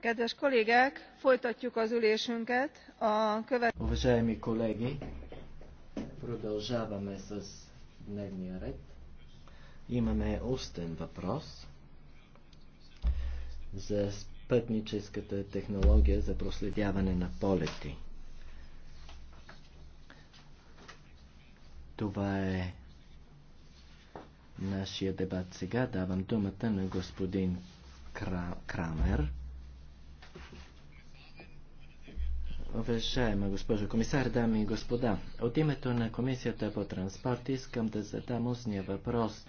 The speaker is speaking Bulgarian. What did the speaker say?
Kedves kollégák, folytatjuk az ülésünket. A Уважаеми колеги, продължаваме с дневния ред. Имаме устен въпрос за пътническата технология за проследяване на полети. Това е нашия дебат сега. Давам думата на господин Кра... Уважаема госпожо комисар, дами и господа, от името на Комисията по транспорт искам да задам устния въпрос